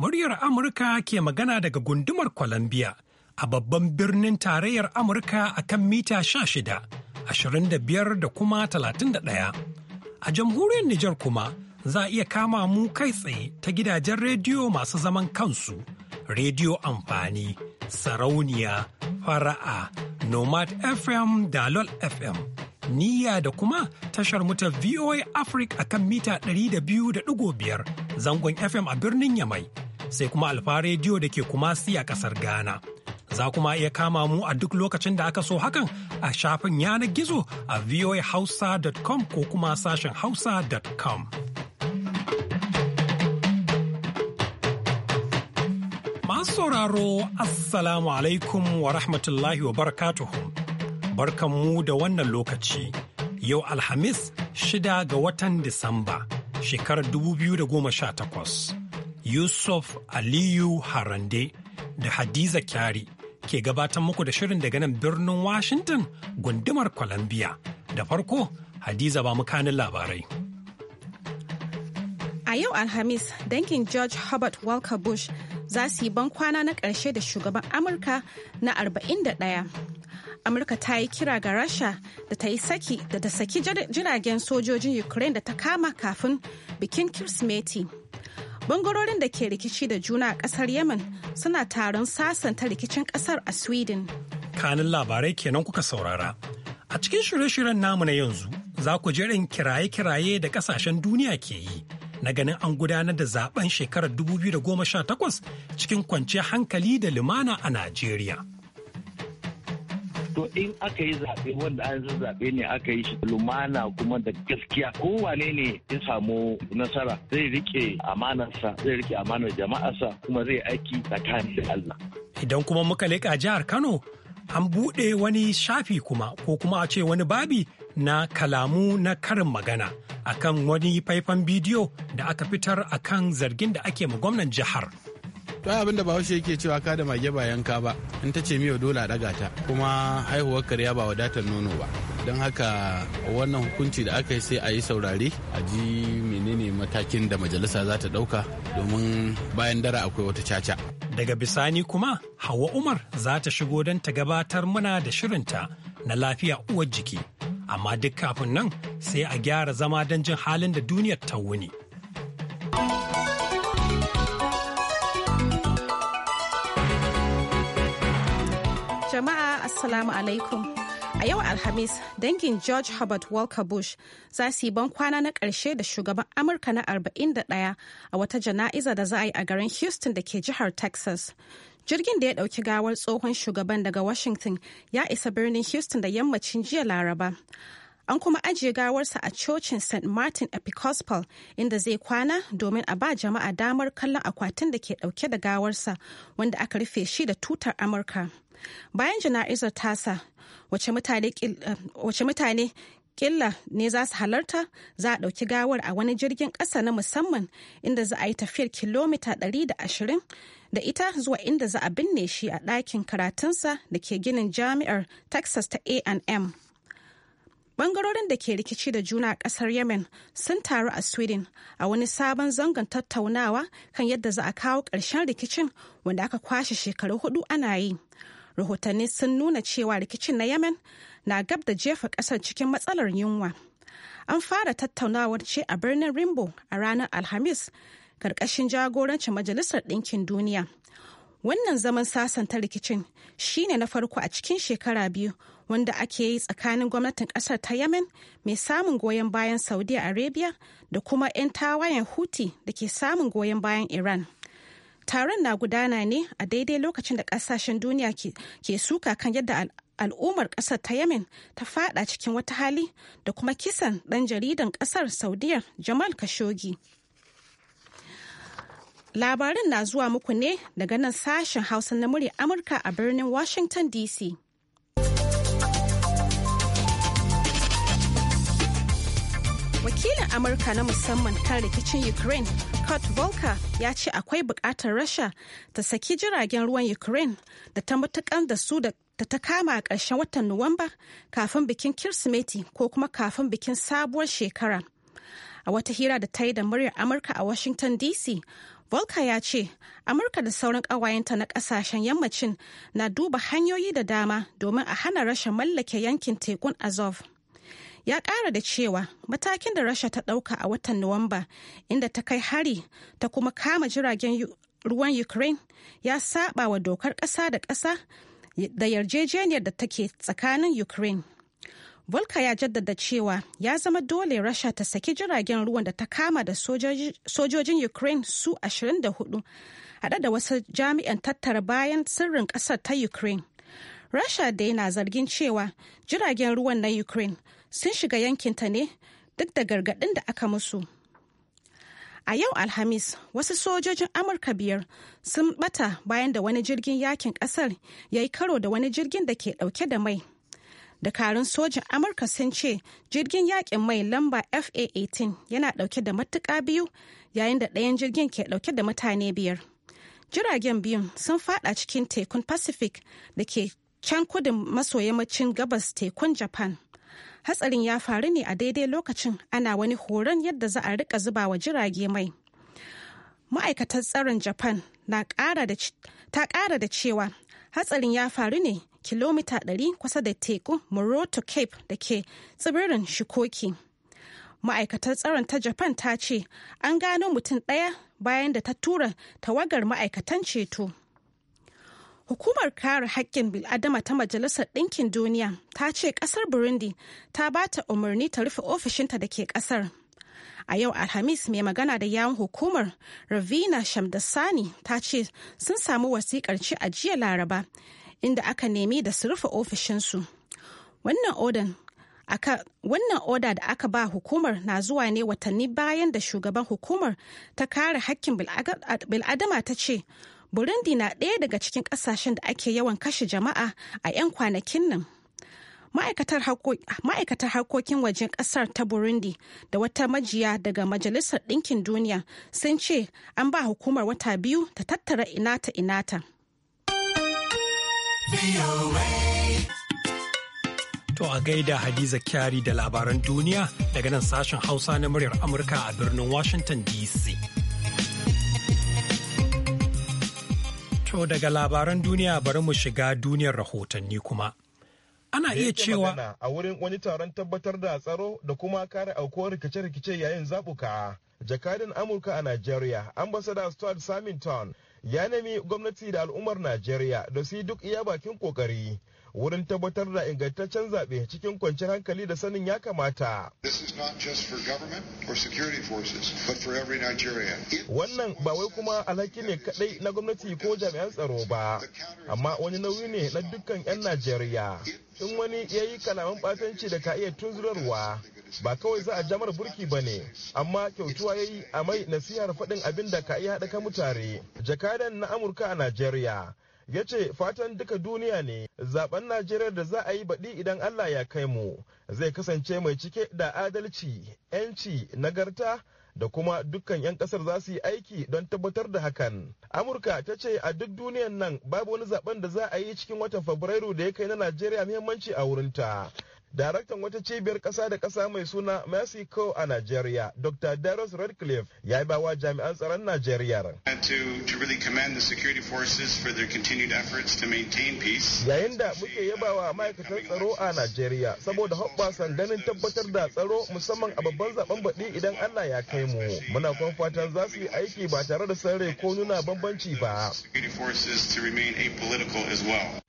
muryar Amurka ke magana daga gundumar Columbia a babban birnin tarayyar Amurka a kan mita shida, ashirin da kuma ɗaya. A jamhuriyar Nijar kuma za a iya kama mu kai tsaye ta gidajen rediyo masu zaman kansu, rediyo amfani, sarauniya, fara'a, nomad FM da lol FM. niyya da kuma tashar mu ta VOA Africa a kan mita 200.5 zangon FM a birnin Yamai, sai kuma Alfa Rediyo da ke kuma siya kasar Ghana. Za kuma iya kama mu a duk lokacin da aka so hakan a shafin yanar gizo a voahausa.com ko kuma sashen hausa.com. Masu sauraro, Assalamu alaikum wa rahmatullahi wa barakatuhu. mu da wannan lokaci. Yau Alhamis shida ga watan Disamba, shekarar 2018. Yusuf Aliyu Harande da Hadiza Kyari ke gabatar muku da shirin daga nan birnin Washington gundumar Columbia. Da farko, Hadiza ba kanin labarai. A yau Alhamis, dangin George Herbert Walker Bush za su yi ban kwana na ƙarshe da shugaban Amurka na 41. amurka ta yi kira ga rasha da ta yi saki da ta saki jiragen sojojin ukraine da ta kama kafin bikin kirsimeti bangarorin da ke rikici da juna a kasar yemen suna taron sasanta rikicin kasar a sweden kanin labarai kenan kuka saurara a cikin shirye-shiryen namu na yanzu za ku jirin kiraye-kiraye da kasashen duniya ke yi na ganin an gudanar da zaben shekarar 2018 cikin kwanciyar hankali da lumana a Najeriya. to in aka yi zaɓe wanda an san zaɓe ne aka yi shi lumana kuma da gaskiya kowane ne ya samu nasara zai rike amanarsa zai rike amanar jama'arsa kuma zai aiki tsakanin da Allah. Idan kuma muka leƙa jihar Kano an buɗe wani shafi kuma ko kuma a ce wani babi na kalamu na karin magana akan wani faifan bidiyo da aka fitar akan zargin da ake ma gwamnan jihar. don abin da bahaushe yake cewa ka da mage ba yanka ba in ta ce miyo dole a daga ta kuma haihuwar karya ba wadatar nono ba don haka wannan hukunci da aka yi sai a yi saurari a ji menene matakin da majalisa za ta dauka domin bayan dara akwai wata caca daga bisani kuma hawa umar za ta shigo don ta gabatar muna da shirinta na lafiya uwar jiki amma duk kafin nan sai a gyara zama don jin halin da duniyar ta wuni. Jama'a Assalamu alaikum. A yau Alhamis, dangin George Herbert Walker Bush za su yi ban kwana na ƙarshe da shugaban Amurka na 41 a wata jana'iza da za a yi a garin Houston da ke jihar Texas. Jirgin da ya ɗauki gawar tsohon shugaban daga Washington ya isa birnin Houston da yammacin jiya Laraba. an kuma ajiye gawarsa a cocin st martin episcopal inda zai kwana domin a ba jama'a damar kallon akwatin da ke dauke da gawarsa wanda aka rufe shi da tutar amurka bayan jana'izar tasa wace mutane killa eh, ne za su halarta za a ɗauki gawar a wani jirgin ƙasa na musamman inda za a yi tafiyar kilomita 120 da ita zuwa inda za a binne shi a ɗakin karatunsa da ke ginin jami'ar texas ta a&m Bangarorin da ke rikici da juna a ƙasar Yemen sun taru a Sweden a wani sabon zangon tattaunawa kan yadda za a kawo ƙarshen rikicin wanda aka kwashe shekaru hudu ana yi. Rahotanni sun nuna cewa rikicin na Yemen na gab da jefa ƙasar cikin matsalar yunwa. An fara tattaunawar ce a birnin Rimbo a ranar Alhamis, ƙarƙashin jagorancin Majalisar Ɗinkin Duniya. Wannan zaman sasanta rikicin shine na farko a cikin shekara biyu wanda ake yi tsakanin gwamnatin kasar ta yemen mai samun goyon bayan saudi arabia da kuma 'yan tawayen huti da ke samun goyon bayan iran taron na gudana ne a daidai lokacin da kasashen duniya ke suka kan yadda al'ummar kasar ta yemen ta fada cikin wata hali da kuma kisan dan jaridan kasar saudiyar jamal kashogi. labarin na zuwa muku ne daga nan sashen hausa na murya amurka a birnin washington dc wakilin amurka na musamman kan rikicin ukraine kurt volker ya ce akwai bukatar rasha ta saki jiragen ruwan ukraine da ta matukan da su da ta kama a ƙarshen watan nuwamba kafin bikin kirsimeti ko kuma kafin bikin sabuwar shekara a wata hira da ta yi da muryar amurka a washington dc volker ya ce amurka da sauran ƙawayenta na ƙasashen yammacin na duba hanyoyi da dama domin a hana rasha mallake yankin tekun azov ya ƙara da cewa matakin da rasha ta ɗauka a watan nuwamba inda ta kai hari ta kuma kama jiragen ruwan ukraine ya saba wa dokar ƙasa da ƙasa da yarjejeniyar da take tsakanin ukraine volka ya jaddada cewa ya zama dole rasha ta saki jiragen ruwan da ta kama da sojojin ukraine su 24 hada da wasu jami'an tattara bayan sirrin ƙasar ta ukraine rasha dai na zargin cewa jiragen ruwan na ukraine sun shiga yankinta ne duk da gargaɗin da aka musu. A yau Alhamis, wasu sojojin Amurka biyar sun bata bayan da wani jirgin yakin ƙasar ya yi karo da wani jirgin da ke ɗauke da mai. Dakarun sojin Amurka sun ce jirgin yakin mai lamba FA-18 yana ɗauke da matuƙa biyu yayin da ɗayan jirgin ke ɗauke da mutane biyar. Jiragen biyun sun faɗa cikin tekun Pacific da ke can kudin maso yammacin gabas tekun Japan. Hatsarin ya faru ne a daidai lokacin ana wani horon yadda za a rika zuba wa jirage mai. Ma'aikatar tsaron Japan ta ƙara da cewa hatsarin ya faru ne kilomita 100 kusa da teku Moroto Cape da ke tsibirin Shikoki. Ma'aikatar tsaron ta Japan ta ce an gano mutum ɗaya bayan da ta tura tawagar ma'aikatan ceto. Hukumar kare haƙƙin bil'adama ta Majalisar Ɗinkin Duniya ta ce ƙasar Burundi ta ba ta umarni ta rufe ofishinta da ke ƙasar. A yau Alhamis mai magana da yawon hukumar Ravina Shamdasani ta ce sun samu wasiƙar ci a jiya Laraba inda aka nemi da su rufe ofishinsu. Wannan odan oda da aka ba hukumar na zuwa ne watanni bayan da shugaban hukumar ta kare hakkin bil'adama ta ce burundi na ɗaya daga cikin ƙasashen da ake yawan kashe jama'a a 'yan kwanakin nan ma'aikatar harkokin wajen ƙasar ta burundi da wata majiya daga majalisar ɗinkin duniya sun ce an ba hukumar wata biyu ta tattara inata inata To a gaida Hadiza Kyari da labaran duniya daga nan sashen Hausa na muryar Amurka a birnin Washington DC. To daga labaran duniya bari mu shiga duniyar rahotanni kuma. Ana iya cewa a wurin wani taron tabbatar da tsaro da kuma kare aukuwar rikice-rikice yayin zaɓuka. Jakadan Amurka a Najeriya, ambasada Stuart Samington ya nemi gwamnati da al'ummar Najeriya da su yi duk iya bakin kokari wurin tabbatar da ingantaccen zaɓe cikin kwanciyar hankali da sanin ya kamata. Wannan ba wai kuma alhaki ne kaɗai na gwamnati ko jami'an tsaro ba, amma wani nauyi ne na dukkan 'yan Najeriya. In wani ya yi kalaman ɓatanci da ka iya tunzurarwa, ba kawai za a jamar burki ba ne, amma kyautuwa ya yi a mai nasihar faɗin abin da ka iya haɗa mutare. Jakadan na Amurka a Najeriya, ya ce fatan duka duniya ne zaben najeriya da za a yi baɗi idan allah ya kai mu zai kasance mai cike da adalci 'yanci nagarta da kuma dukkan 'yan kasar za su yi aiki don tabbatar da hakan. Amurka ta ce a duk duniyan nan babu wani zaben da za a yi cikin watan Fabrairu da ya kai na Najeriya muhimmanci a wurinta. Daraktan wata cibiyar ƙasa da ƙasa mai suna Mexico a Najeriya, Dr. Darius Redcliffe, ya yi bawa jami'an tsaron Najeriya. Yayin da muke yabawa ma'aikatan tsaro a Najeriya saboda hoɓɓasan ganin tabbatar da tsaro musamman a babban zaben baɗi idan Allah ya kai mu. Muna kuma fatan za su yi aiki ba tare da sarre ko nuna bambanci ba.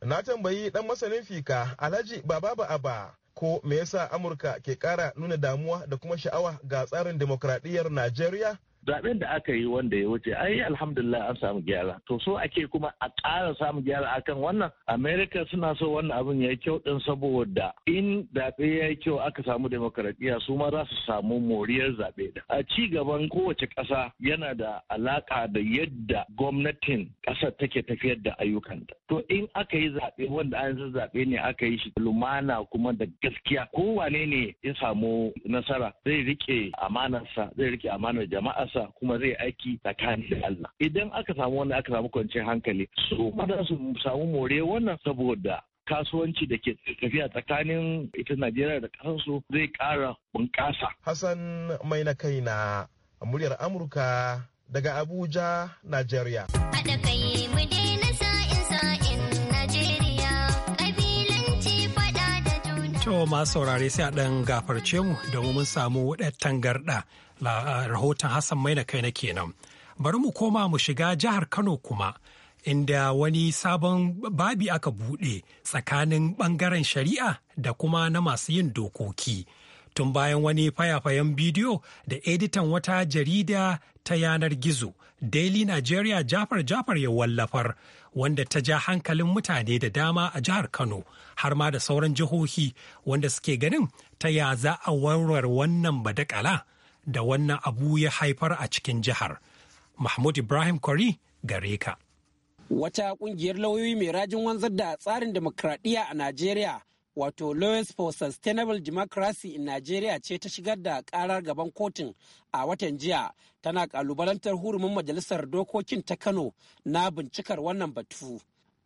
Na tambayi ɗan masanin fika Alhaji Baba Ba'aba ko me yasa amurka ke kara nuna damuwa da kuma sha'awa ga tsarin demokradiyyar najeriya Zaɓen da aka yi wanda ya wuce ai alhamdulillah an samu gyara to so ake kuma a ƙara samu gyara akan wannan america suna so wannan abin ya yi kyau din saboda in zaɓe ya yi kyau aka samu demokaradiyya su ma za su samu moriyar zaɓe da a ci gaban kowace ƙasa yana da alaƙa da yadda gwamnatin ƙasar take tafiyar da ayyukanta to in aka yi zaɓe wanda an san zaɓe ne aka yi shi lumana kuma da gaskiya kowane ne ya samu nasara zai riƙe amanarsa zai riƙe amanar jama'a sa kuma zai aiki tsakanin da Allah idan aka samu wannan aka samu kwanciyar hankali su ma za su samu more wannan saboda kasuwanci da ke tafiya tsakanin ita Najeriya da ƙasarsu zai ƙara bunƙasa. Hassan mai na kai na muryar Amurka daga Abuja, Najeriya. Haɗa To ma saurare sai a ɗan gafarce mu da mun samu tangarɗa rahoton Hassan mai na kai na kenan. Bari mu koma mu shiga jihar Kano kuma. Inda wani sabon babi aka buɗe tsakanin ɓangaren shari'a da kuma na masu yin dokoki. Tun bayan wani fayafayen bidiyo da editan wata jarida ta yanar gizo Daily Nigeria Jafar Jafar ya wallafar wanda ta ja hankalin mutane da dama a jihar Kano har ma da sauran jihohi wanda suke ganin ta ya za a warware wannan badakala da wannan abu ya haifar a cikin jihar. Mahmud Ibrahim Kwari gare ka. Wata kungiyar lauyoyi mai rajin wanzar da tsarin demokradiyya a Najeriya, wato Lawyers for Sustainable Democracy in Najeriya ce ta shigar da karar gaban kotun a watan jiya tana kalubalantar hurumin majalisar dokokin ta Kano na bincikar wannan batu.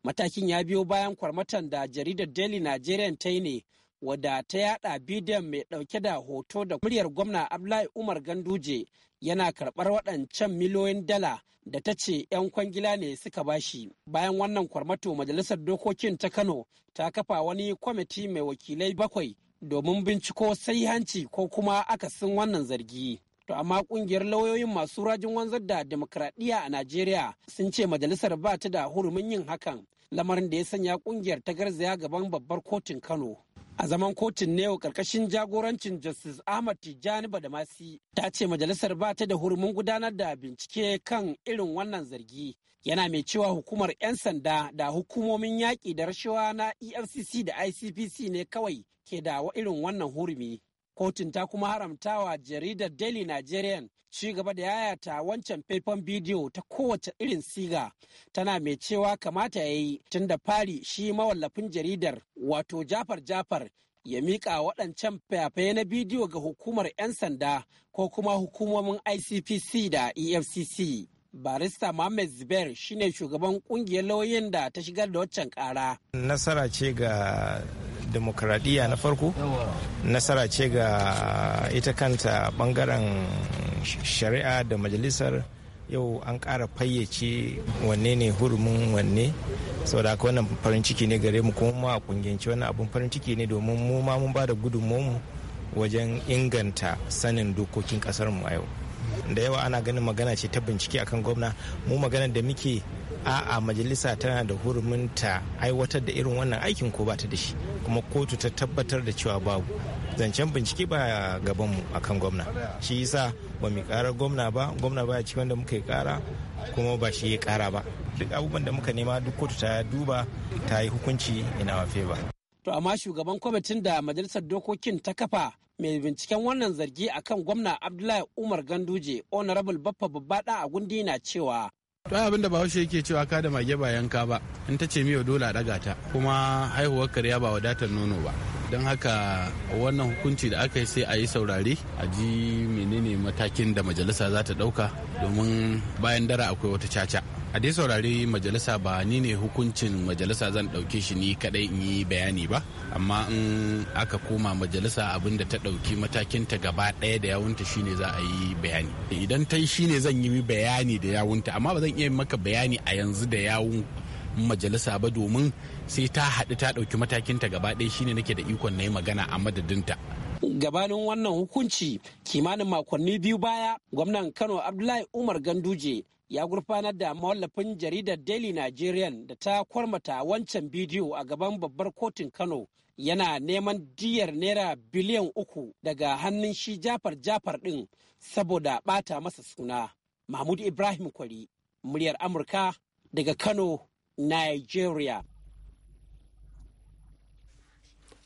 Matakin ya biyo bayan kwarmatan da jaridar Daily Nigerian ta yi ne wadda ta yada bidiyon mai dauke da hoto da muryar gwamna Abdullahi Umar Ganduje yana karbar waɗancan miliyoyin dala da ta ce 'yan kwangila ne suka bashi. Bayan wannan kwarmato majalisar dokokin ta Kano ta kafa wani kwamiti mai wakilai bakwai domin binciko sai hanci ko kuma akasin wannan zargi. To amma kungiyar lauyoyin masu rajin wanzar da demokradiyya a Najeriya sun ce majalisar ba ta da hurumin yin hakan. Lamarin da ya sanya kungiyar ta garzaya gaban babbar kotun Kano a zaman kotun wa karkashin jagorancin justice ahmad tijjani badamasi ta ce majalisar ba ta da hurumin gudanar da bincike kan irin wannan zargi yana mai cewa hukumar 'yan sanda da hukumomin yaƙi da rashawa na efcc da icpc ne kawai ke da irin wannan hurumi Kotun ta kuma haramtawa jaridar Daily Nigerian ci gaba da yayata wancan faifan bidiyo ta kowace irin siga tana mai cewa kamata ya yi tun da fari shi mawallafin jaridar wato Jafar Jafar ya miƙa waɗancan fayafaye na bidiyo ga hukumar 'yan sanda ko kuma hukumomin ICPC da EFCC. barista Mohammed Zubair shine shugaban ƙungiyar lauyin da ta shigar da waccan ƙara. Nasara ce ga demokradiyya na farko nasara ce ga ita kanta bangaren shari'a da majalisar yau an ƙara fayyace wanne ne hurumin wanne saboda haka wannan farin ciki ne gare mu kuma a kungiyance wannan abun farin ciki ne domin mu ma mun ba da gudunmu wajen inganta sanin dokokin kasar mu a yau da yawa ana ganin magana ce ta bincike akan gwamna mu magana da muke a'a majalisa tana da hurumin ta aiwatar da irin wannan aikin ko ba ta da shi kuma kotu ta tabbatar da cewa babu zancen bincike ba gabanmu akan gwamna shi yasa ba mu kara gwamna ba gwamna ba ci wanda muka yi kara kuma ba shi ya kara ba duk abubuwan da muka nema duk kotu ta duba ta yi hukunci ina wafe ba to amma shugaban kwamitin da majalisar dokokin ta kafa mai binciken wannan zargi akan gwamna abdullahi umar ganduje honorable baffa babbada a gundi na cewa to abin da bahaushe yake cewa ka da mage ba yanka ba in ta ce miyo dole a daga ta kuma haihuwar karya ba wadatar nono ba don haka wannan hukunci da aka yi sai a yi saurari a ji menene matakin da majalisa za ta ɗauka domin bayan dara akwai wata caca a dai saurari majalisa ba ni ne hukuncin majalisa zan ɗauke shi ni kadai in yi bayani ba amma in aka koma majalisa abin da ta ɗauki matakinta gaba ɗaya da yawunta shine za a yi bayani idan ta yi shine zan yi bayani da yawunta amma ba zan iya maka bayani a yanzu da yawun majalisa ba domin sai ta haɗu ta ɗauki matakinta gaba ɗaya shine nake da ikon na yi magana a madadinta. gabanin wannan hukunci kimanin makonni biyu baya gwamnan kano abdullahi umar ganduje ya gurfanar da mawallafin jaridar daily nigerian da ta kwarmata wancan bidiyo a gaban babbar kotun kano yana neman diyar naira biliyan uku daga hannun shi jafar jafar ɗin saboda ɓata masa suna mahmud ibrahim kwari muryar amurka daga kano nigeria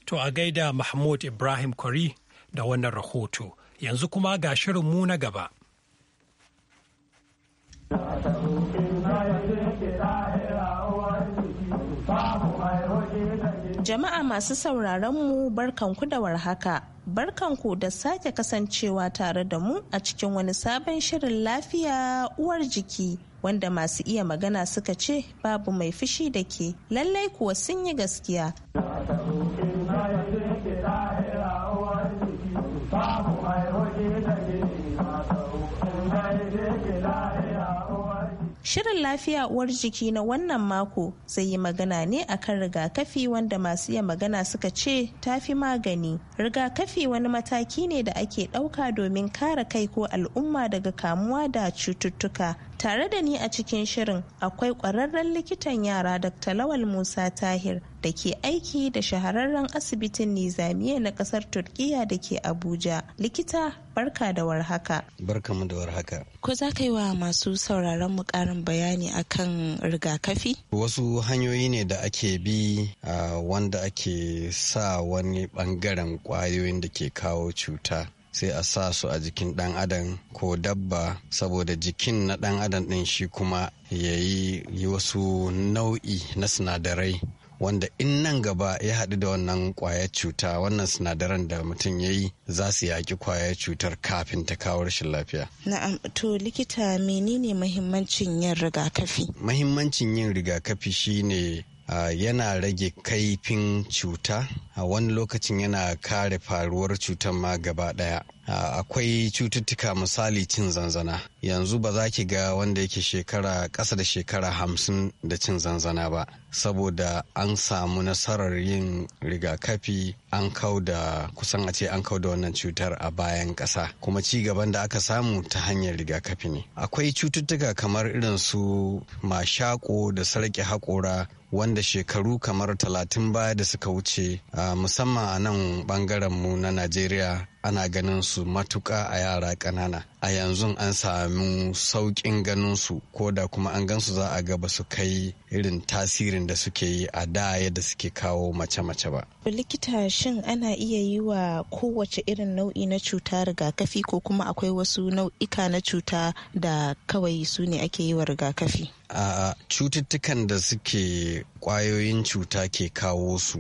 To a gaida Mahmud Ibrahim Kwari da wannan rahoto. Yanzu kuma ga shirin mu na gaba. Jama'a masu sauraron mu barkanku da warhaka. Barkanku da sake kasancewa tare da mu a cikin wani sabon shirin lafiya uwar jiki wanda masu iya magana suka ce babu mai fushi da ke lallai kuwa sun yi gaskiya. Shirin lafiya uwar jiki na wannan mako zai yi magana ne akan rigakafi wanda masu iya magana suka ce ta fi magani. Rigakafi wani mataki ne da ake ɗauka domin kare kai ko al'umma daga kamuwa da cututtuka. Tare da ni a cikin shirin akwai ƙwararren likitan yara Dr. Lawal Musa Tahir da ke aiki da shahararren asibitin nizamiya na kasar turkiya da ke abuja likita barka da warhaka barka mu da warhaka ko za ka yi wa masu sauraron mu karin bayani akan rigakafi wasu hanyoyi ne da ake bi a wanda ake sa wani bangaren kwayoyin da ke kawo cuta sai a sa su a jikin ɗan adam ko dabba saboda jikin na ɗan adam ɗin shi kuma ya yi wasu nau'i na sinadarai wanda in nan gaba ya haɗu da wannan kwayar cuta wannan sinadaran da mutum ya yi za su yaƙi kwayar cutar kafin ta kawo rashin lafiya. Na'am to likita menene mahimmancin yin rigakafi? Mahimmancin yin rigakafi shine yana rage kaifin cuta a wani lokacin yana kare faruwar cutar ma gaba daya akwai cututtuka misali cin zanzana yanzu ba za ki ga wanda yake shekara ƙasa da shekara hamsin da cin zanzana ba saboda an samu nasarar yin rigakafi an kau da kusan a ce an kau da wannan cutar a bayan ƙasa kuma ci gaban da aka samu ta hanyar rigakafi ne akwai cututtuka kamar irin su mashako da sarki haƙora wanda shekaru kamar talatin baya da suka wuce musamman a nan bangaren mu na najeriya ana ganin su matuƙa a yara ƙanana a yanzu an samu sauƙin ganin su ko da kuma an gansu za a gaba su kai irin tasirin da suke yi a da yadda suke kawo mace-mace ba. likita shin ana iya yi wa kowace irin nau'i na cuta rigakafi ko kuma akwai wasu nau'ika na cuta da kawai su ne ake yi wa rigakafi a cututtukan da suke kwayoyin cuta ke kawo su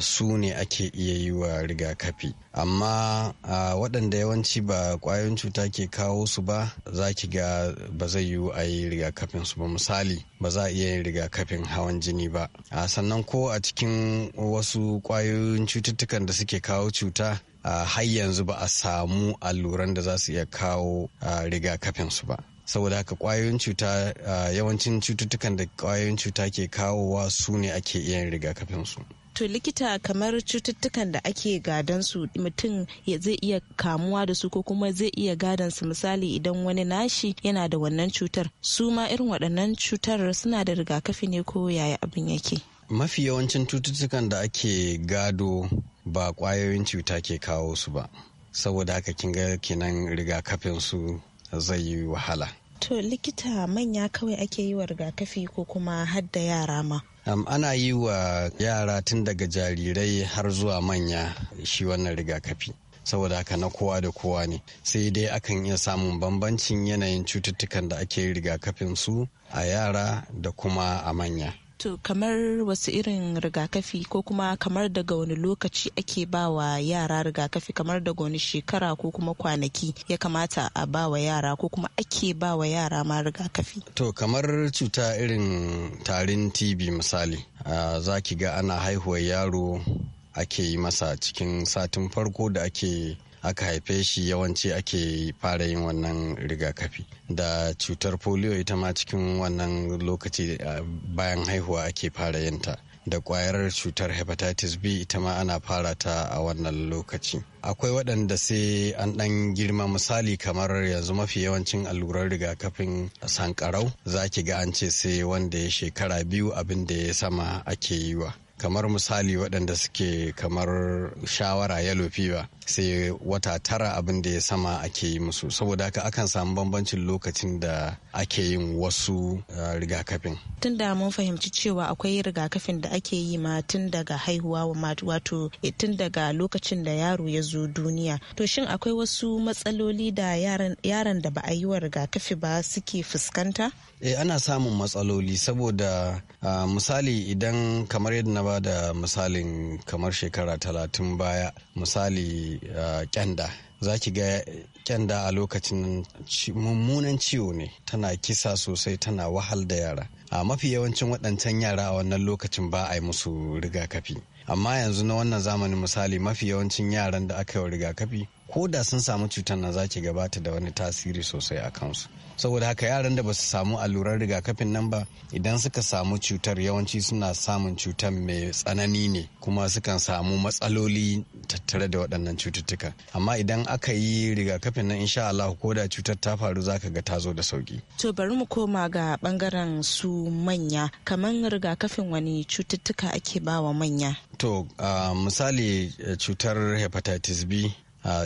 su ne ake iya yi wa rigakafi amma waɗanda yawanci ba ƙwayoyin cuta ke kawo su ba za ki ga ba zai yiwu a yi rigakafin su ba misali ba za a iya yin rigakafin hawan jini ba sannan ko a cikin wasu ƙwayoyin cututtukan da suke kawo cuta har yanzu ba a samu alluran da za su iya kawo rigakafin su ba saboda haka ƙwayoyin cuta yawancin cututtukan da ƙwayoyin cuta ke kawowa su ne ake iya yin rigakafin su To likita kamar cututtukan da ake gadon su mutum ya zai iya kamuwa da su ko kuma zai iya gadon su misali idan wani nashi yana da wannan cutar su ma irin waɗannan cutar suna da rigakafi ne ko yaya abin yake. Mafi yawancin cututtukan da ake gado ba ƙwayoyin cuta ke kawo su ba saboda haka kin ga kenan rigakafin su zai yi wahala. To likita manya kawai ake yi wa rigakafi ko kuma hadda yara ma. ana yi wa yara tun daga jarirai har zuwa manya shi wannan rigakafi saboda haka na kowa da kowa ne sai dai akan iya samun bambancin yanayin cututtukan da ake rigakafin su a yara da kuma a manya To kamar wasu irin rigakafi ko kuma kamar daga wani lokaci ake ba wa yara rigakafi kamar daga wani shekara ko kuma kwanaki ya kamata a ba wa yara ko kuma ake ba wa yara ma rigakafi. To kamar cuta irin tarin TB misali za ki ga ana haihuwar yaro ake yi masa cikin satin farko da ake aka haife shi yawanci ake fara yin wannan rigakafi da cutar polio ita ma cikin wannan lokaci bayan haihuwa ake fara yin ta da kwayar cutar hepatitis b ita ma ana fara ta a wannan lokaci akwai waɗanda sai an ɗan girma misali kamar yanzu mafi yawancin allurar rigakafin sankarau za ki ga an ce sai wanda ya shekara biyu abinda ya sama ake yi wa kamar misali waɗanda suke kamar shawara yellow fever sai wata tara abin da ya sama ake yi musu saboda haka akan samu bambancin lokacin da ake yin wasu uh, rigakafin tun da mun fahimci cewa akwai rigakafin da ake yi ma tun daga haihuwa wato e, tun daga lokacin da yaro ya zo duniya to shin akwai wasu matsaloli da yaran da ba a yi wa rigakafi ba suke fuskanta eh ana samun matsaloli saboda uh, misali idan kamar yadda na ba da misalin kamar shekara talatin baya misali uh, kyanda za ki ga kyanda a lokacin mummunan ciwo ne tana kisa sosai tana wahal da yara a mafi yawancin waɗancan yara a wannan lokacin ba a yi musu rigakafi amma yanzu na wannan zamanin misali mafi yawancin yaran da aka yi rigakafi ko da sun samu cutar nan za gabata da wani tasiri sosai a kansu saboda haka yaran da ba su samu allurar rigakafin nan ba idan suka samu cutar yawanci suna samun cutar mai tsanani ne kuma sukan samu matsaloli tattare da waɗannan cututtuka amma idan aka yi rigakafin nan insha Allah ko da cutar ta faru zaka ga ta zo da sauki to bari mu koma ga bangaren su manya kaman rigakafin wani cututtuka ake bawa manya to ah, misali eh, cutar hepatitis B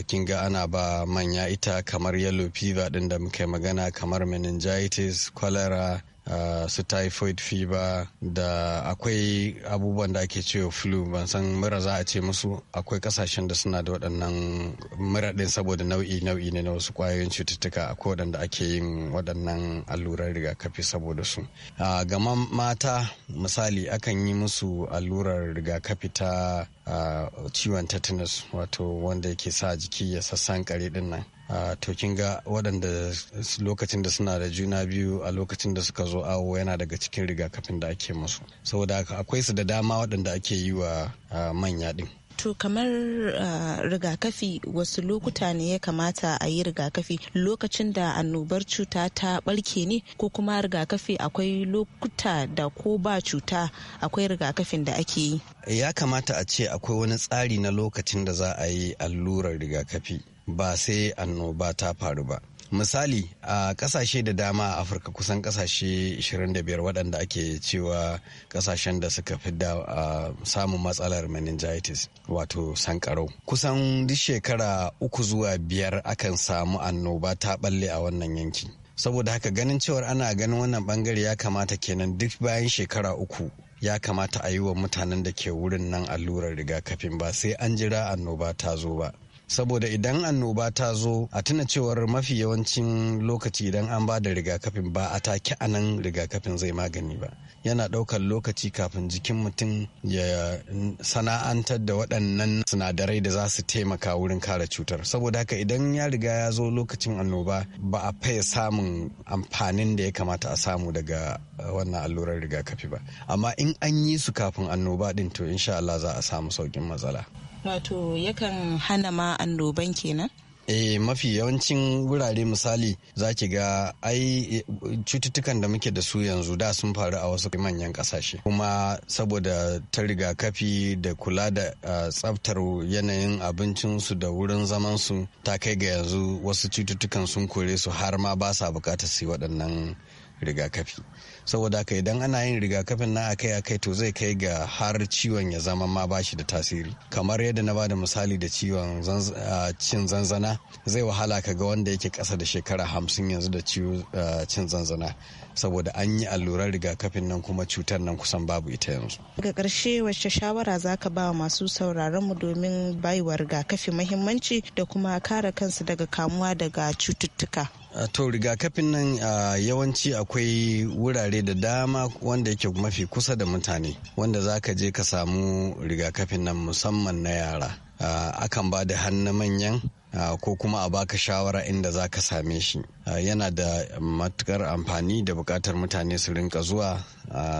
kin ga ana ba manya ita kamar yellow fever ɗin da muka magana kamar meningitis cholera Uh, su typhoid fever da akwai abubuwan da ake cewa flu ban san mura za a ce musu akwai kasashen da suna da waɗannan mura ɗin saboda nau'i nau'i ne na wasu ƙwayoyin cututtuka akwai waɗanda ake yin waɗannan allurar rigakafi saboda su uh, ah, gama mata misali akan yi musu allurar rigakafi ta uh, ciwon tetanus wato wanda yake sa jiki ya sassan kare ɗin nan to kin ga waɗanda lokacin da suna da juna biyu a lokacin da suka zo awo yana daga cikin rigakafin da ake musu saboda akwai su da dama waɗanda ake yi wa manya ɗin To kamar rigakafi wasu lokuta ne ya kamata a yi rigakafi lokacin da annobar cuta ta ɓarke ne ko kuma rigakafi akwai lokuta da ko ba cuta akwai rigakafin da ake yi. Ya kamata a ce akwai wani tsari na lokacin da za a yi allurar rigakafi. ba sai annoba ta faru ba misali a kasashe da dama a afirka kusan kasashe 25 waɗanda ake cewa kasashen da suka fi da samun matsalar meningitis wato sankarau kusan duk shekara uku zuwa biyar akan samu annoba ta balle a wannan yanki saboda haka ganin cewar ana ganin wannan bangare ya kamata kenan duk bayan shekara uku ya kamata a yi wa mutanen da ke wurin nan allurar rigakafin ba sai an jira annoba ta zo ba saboda idan annoba ta zo a tuna cewar mafi yawancin lokaci idan an ba da rigakafin ba a take a nan rigakafin zai magani ba yana ɗaukar lokaci kafin jikin mutum ya sana'antar da waɗannan sinadarai da za su taimaka wurin kare cutar saboda haka idan ya riga ya zo lokacin annoba ba a faye samun amfanin da ya kamata a samu daga eh, wannan allurar rigakafi ba amma in an yi su kafin annoba din to insha Allah za a samu saukin matsala wato yakan hana ma annoban kenan eh mafi yawancin wurare misali za ki ga ai eh, cututtukan da muke da su yanzu da sun faru a wasu manyan kasashe kuma saboda ta rigakafi da kula da ah, tsaftar yanayin abincinsu da wurin zamansu ta kai ga yanzu wasu cututtukan sun kore su har ma ba sa bukatar su waɗannan rigakafi saboda haka idan ana yin rigakafin na akai akai to zai kai ga har ciwon ya zama ma bashi da tasiri kamar yadda na bada misali da ciwon cin zanzana zai wahala ka ga wanda yake kasa da shekara hamsin yanzu da cin zanzana saboda an yi alluran rigakafin nan kuma cutar nan kusan babu ita yanzu ga karshe wacce shawara za ka ba wa masu sauraron mu domin baiwa rigakafi mahimmanci da kuma kare kansu daga kamuwa daga cututtuka to rigakafin nan yawanci akwai wurare da dama wanda yake mafi kusa da mutane wanda za ka je ka samu rigakafin nan musamman na yara akan ba da hannu manyan ko kuma a baka shawara inda za ka same shi yana da matukar amfani da bukatar mutane su rinka zuwa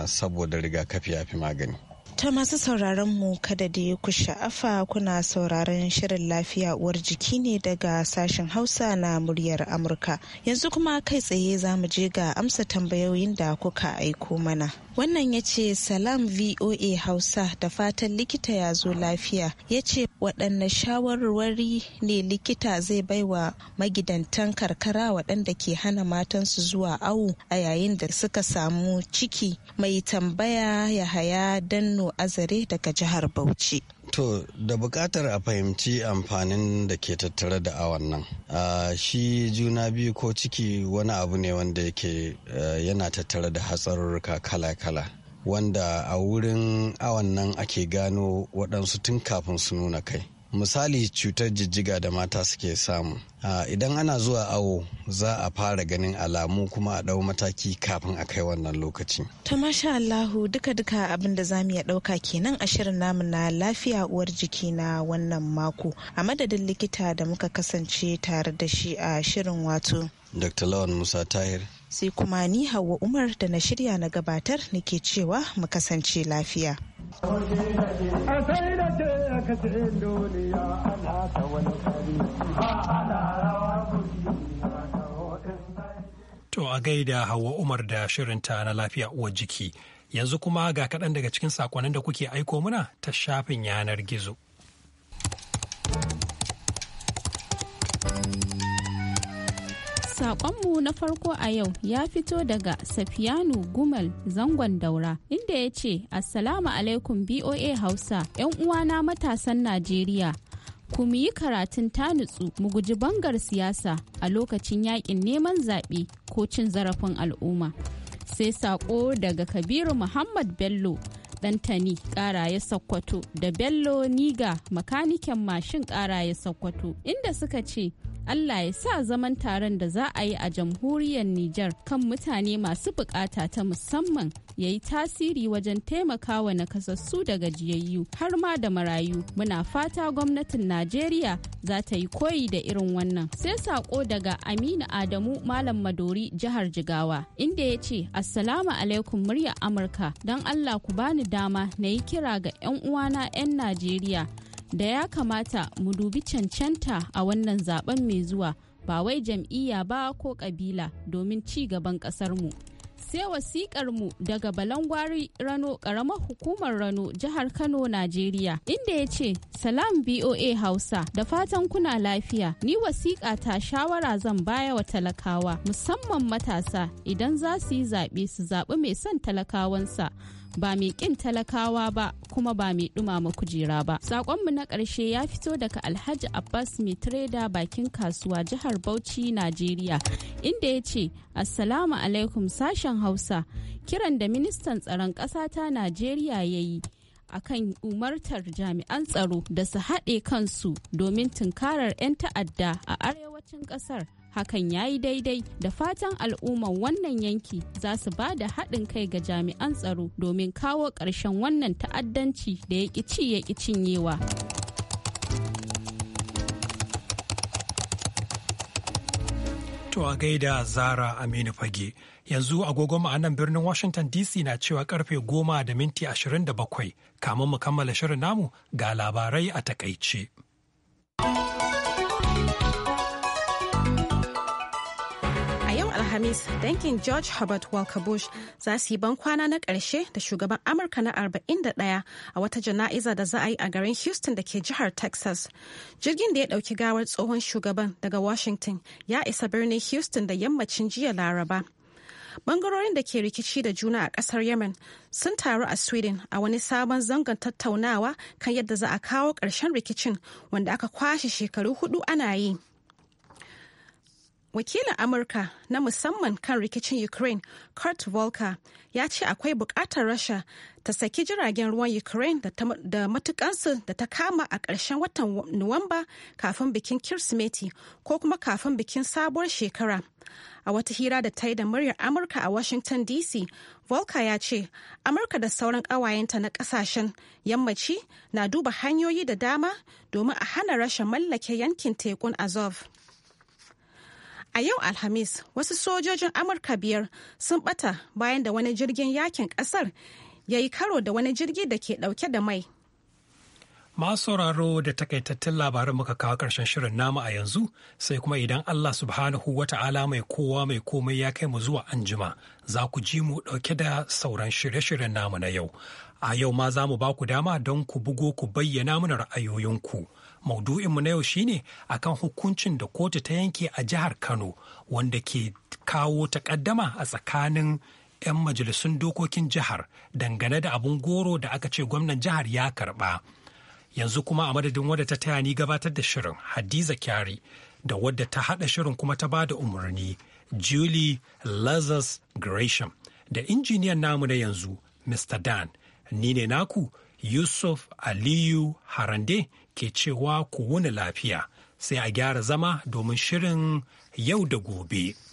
saboda rigakafi ya fi magani Ta masu sauraron mu kada da ku sha'afa kuna sauraron shirin lafiya uwar jiki ne daga sashen Hausa na muryar Amurka. Yanzu kuma kai tsaye za mu je ga amsa tambayoyin da kuka aiko mana. Wannan ya ce Salam VOA Hausa da fatan likita ya zo lafiya. Ya ce waɗanne shawarwari ne likita zai baiwa magidantan karkara waɗanda ke hana matansu zuwa awu a yayin da suka samu ciki. Mai tambaya ya haya Danno kano Azare daga jihar Bauchi. To da bukatar a fahimci amfanin da ke tattare da awon nan. Shi juna biyu ko ciki wani abu ne wanda yake yana tattare da hatsarurruka kala-kala. Wanda a wurin awon nan ake gano waɗansu tun kafin su nuna kai. misali cutar jijjiga da mata suke samu idan ana zuwa awo za a fara ganin alamu kuma a ɗau mataki kafin a kai wannan lokaci. ta masha allahu duka duka abin da za mu iya ɗauka kenan a shirin namu na lafiya uwar jiki na wannan mako a madadin likita da muka kasance tare da shi a shirin wato dr lawan musa tahir sai kuma ni Hauwa Umar da na shirya na gabatar nake cewa mu kasance lafiya. To a gaida Hauwa Umar da shirinta na lafiya uwar jiki. Yanzu kuma ga kaɗan daga cikin saƙonin da kuke aiko muna ta shafin yanar gizo. Sakonmu na farko a yau ya fito daga Safiyanu Gumal zangon daura inda ya ce, Assalamu alaikum BOA Hausa, 'yan uwana matasan Najeriya. Ku mu yi karatun tanutsu mu guji bangar siyasa a lokacin yakin neman zaɓe ko cin zarafin al'umma. Sai saƙo daga Kabiru Muhammad Bello Dantani ƙara ya Sokoto da Bello Niga makaniken mashin ƙara ya Sokoto inda suka ce Allah ya sa zaman taron da za a yi a jamhuriyar Nijar kan mutane masu bukata ta musamman ya yi tasiri wajen taimakawa nakasassu da gajiyayyu har ma da marayu. Muna fata gwamnatin Najeriya za ta yi koyi da irin wannan. Sai saƙo daga Aminu Adamu Malam Madori jihar Jigawa inda ya ce Assalamu alaikum murya Amurka don Allah ku bani dama na yi kira ga 'yan uwana 'yan Najeriya da ya kamata mu dubi cancanta a wannan zaben mai zuwa ba wai jam'iyya ba ko kabila domin ci gaban mu Sai wasikar mu daga Balangwari Rano ƙaramar hukumar Rano jihar Kano Najeriya inda ya ce Salam BOA Hausa da fatan kuna lafiya ni wasiƙa ta shawara zan baya wa talakawa musamman matasa idan za su yi zaɓe su zaɓi mai son talakawansa. ba mai kin talakawa ba kuma ba mai dumama kujera ba sakonmu na ƙarshe ya fito daga alhaji abbas Mitreda bakin kasuwa jihar bauchi najeriya inda ya ce assalamu alaikum sashen hausa kiran da ministan tsaron ƙasa ta najeriya ya yi a kan umartar jami'an tsaro da su haɗe kansu domin tunkarar 'yan ta'adda a arewacin ƙasar hakan ya yi daidai da fatan al'umman wannan yanki za su ba da haɗin kai ga jami'an tsaro domin kawo ƙarshen wannan ta'addanci da ya ci ya cinyewa. To a gaida Zara Aminu Fage. Yanzu agogon a nan birnin Washington DC na cewa karfe goma da minti ashirin da bakwai kamun mu kammala shirin namu ga labarai a takaice. Alhamis, dankin George Herbert Walker Bush za su yi bankwana na ƙarshe da shugaban Amurka na 41 a wata jana'iza da za a yi a garin Houston da ke jihar Texas. Jirgin da ya ɗauki gawar tsohon shugaban daga Washington ya isa birnin Houston da yammacin jiya Laraba. Bangarorin da ke rikici da juna a ƙasar Yemen sun taru a Sweden a wani sabon zangon tattaunawa kan yadda za a kawo ƙarshen rikicin wanda aka kwashe shekaru hudu ana yi. wakilin amurka na musamman kan rikicin ukraine kurt volker ya ce akwai bukatar rasha ta saki jiragen ruwan ukraine da matukansu da ta kama a ƙarshen watan nuwamba kafin bikin kirsimeti ko kuma kafin bikin sabuwar shekara a wata hira da ta yi da muryar amurka a washington dc volker ya ce amurka da sauran ƙawayenta na ƙasashen yammaci na duba hanyoyi da dama domin a hana rasha mallake yankin tekun azov A yau Alhamis, wasu sojojin Amurka biyar sun bata bayan da wani jirgin yakin kasar ya yi karo da wani jirgi da ke dauke da mai. Masu sauraro da takaitattun labarin muka kawo karshen shirin nama a yanzu sai kuma idan Allah subhanahu wa ta'ala mai kowa mai komai ya kai mu zuwa anjima za ku ji mu dauke da sauran shirye-shiryen namu na yau. A yau ma za mu ba ku dama don ku bugo ku bayyana mana ra'ayoyinku. maudu'inmu na yau shine akan hukuncin da kotu ta yanke a jihar kano wanda ke kawo takaddama a tsakanin 'yan majalisun dokokin jihar dangane da abun goro da aka ce gwamnan jihar ya karba yanzu kuma a madadin wadda ta taya ni gabatar da shirin hadiza kyari da wadda ta hada shirin kuma ta ba da umarni julie lazarus gresham da injiniyan namu na yanzu mr dan ni ne naku yusuf aliyu harande ke cewa ku wuni lafiya sai a gyara zama domin shirin yau da gobe.